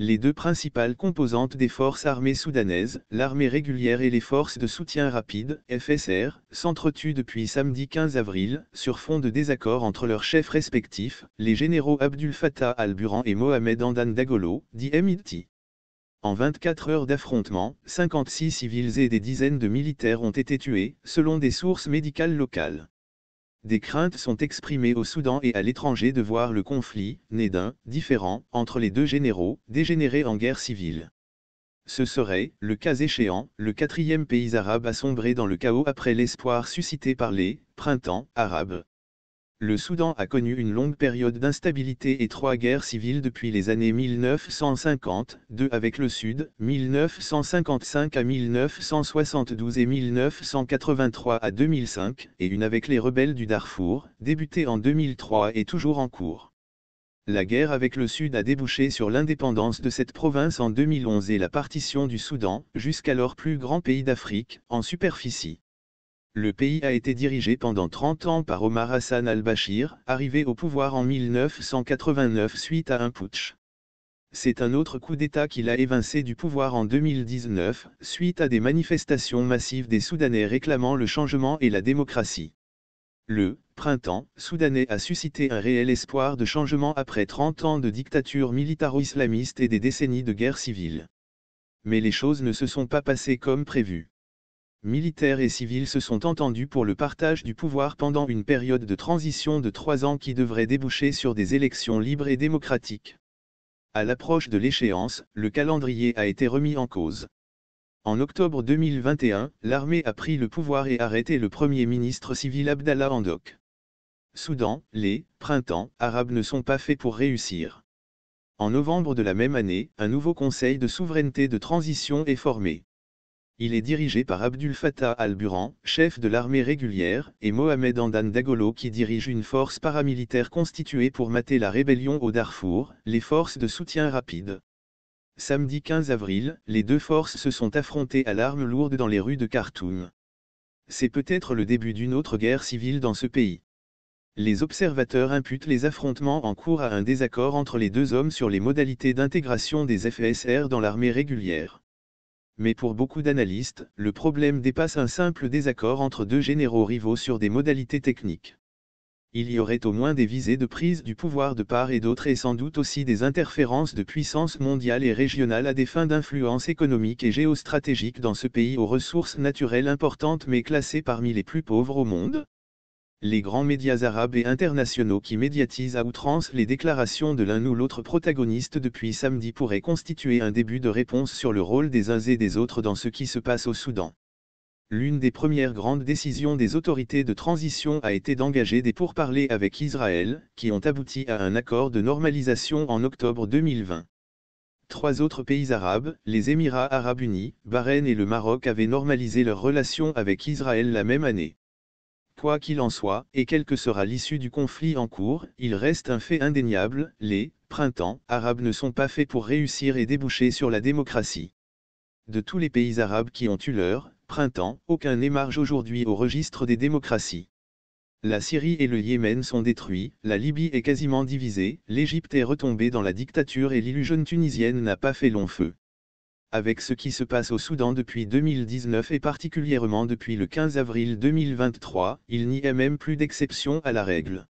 les deux principales composantes des forces armées soudanaises, l'armée régulière et les forces de soutien rapide, FSR, s'entretuent depuis samedi 15 avril, sur fond de désaccord entre leurs chefs respectifs, les généraux Abdul Fattah al-Buran et Mohamed Andan Dagolo, dit MIT. En 24 heures d'affrontement, 56 civils et des dizaines de militaires ont été tués, selon des sources médicales locales des craintes sont exprimées au Soudan et à l'étranger de voir le conflit, né d'un, différent, entre les deux généraux, dégénérer en guerre civile. Ce serait, le cas échéant, le quatrième pays arabe à sombrer dans le chaos après l'espoir suscité par les « printemps » arabes le Soudan a connu une longue période d'instabilité et trois guerres civiles depuis les années deux avec le Sud, 1955 à 1972 et 1983 à 2005, et une avec les rebelles du Darfour, débutée en 2003 et toujours en cours. La guerre avec le Sud a débouché sur l'indépendance de cette province en 2011 et la partition du Soudan, jusqu'alors plus grand pays d'Afrique, en superficie. Le pays a été dirigé pendant 30 ans par Omar Hassan al-Bashir, arrivé au pouvoir en 1989 suite à un putsch. C'est un autre coup d'État qu'il a évincé du pouvoir en 2019, suite à des manifestations massives des Soudanais réclamant le changement et la démocratie. Le printemps soudanais a suscité un réel espoir de changement après 30 ans de dictature militaro-islamiste et des décennies de guerre civile. Mais les choses ne se sont pas passées comme prévu militaires et civils se sont entendus pour le partage du pouvoir pendant une période de transition de trois ans qui devrait déboucher sur des élections libres et démocratiques. À l'approche de l'échéance, le calendrier a été remis en cause. En octobre 2021, l'armée a pris le pouvoir et arrêté le premier ministre civil Abdallah Hamdok. Soudan, les printemps arabes ne sont pas faits pour réussir. En novembre de la même année, un nouveau conseil de souveraineté de transition est formé. Il est dirigé par Abdul Fattah al-Buran, chef de l'armée régulière, et Mohamed Andan Dagolo qui dirige une force paramilitaire constituée pour mater la rébellion au Darfour, les forces de soutien rapide. Samedi 15 avril, les deux forces se sont affrontées à l'arme lourde dans les rues de Khartoum. C'est peut-être le début d'une autre guerre civile dans ce pays. Les observateurs imputent les affrontements en cours à un désaccord entre les deux hommes sur les modalités d'intégration des FSR dans l'armée régulière mais pour beaucoup d'analystes, le problème dépasse un simple désaccord entre deux généraux rivaux sur des modalités techniques. Il y aurait au moins des visées de prise du pouvoir de part et d'autre et sans doute aussi des interférences de puissance mondiale et régionale à des fins d'influence économique et géostratégique dans ce pays aux ressources naturelles importantes mais classé parmi les plus pauvres au monde, les grands médias arabes et internationaux qui médiatisent à outrance les déclarations de l'un ou l'autre protagoniste depuis samedi pourraient constituer un début de réponse sur le rôle des uns et des autres dans ce qui se passe au Soudan. L'une des premières grandes décisions des autorités de transition a été d'engager des pourparlers avec Israël, qui ont abouti à un accord de normalisation en octobre 2020. Trois autres pays arabes, les Émirats arabes unis, Bahreïn et le Maroc avaient normalisé leurs relations avec Israël la même année. Quoi qu'il en soit, et quelle que sera l'issue du conflit en cours, il reste un fait indéniable, les printemps arabes ne sont pas faits pour réussir et déboucher sur la démocratie. De tous les pays arabes qui ont eu leur printemps, aucun n'émarge aujourd'hui au registre des démocraties. La Syrie et le Yémen sont détruits, la Libye est quasiment divisée, l'Égypte est retombée dans la dictature et l'illusion tunisienne n'a pas fait long feu avec ce qui se passe au Soudan depuis 2019 et particulièrement depuis le 15 avril 2023, il n'y a même plus d'exception à la règle.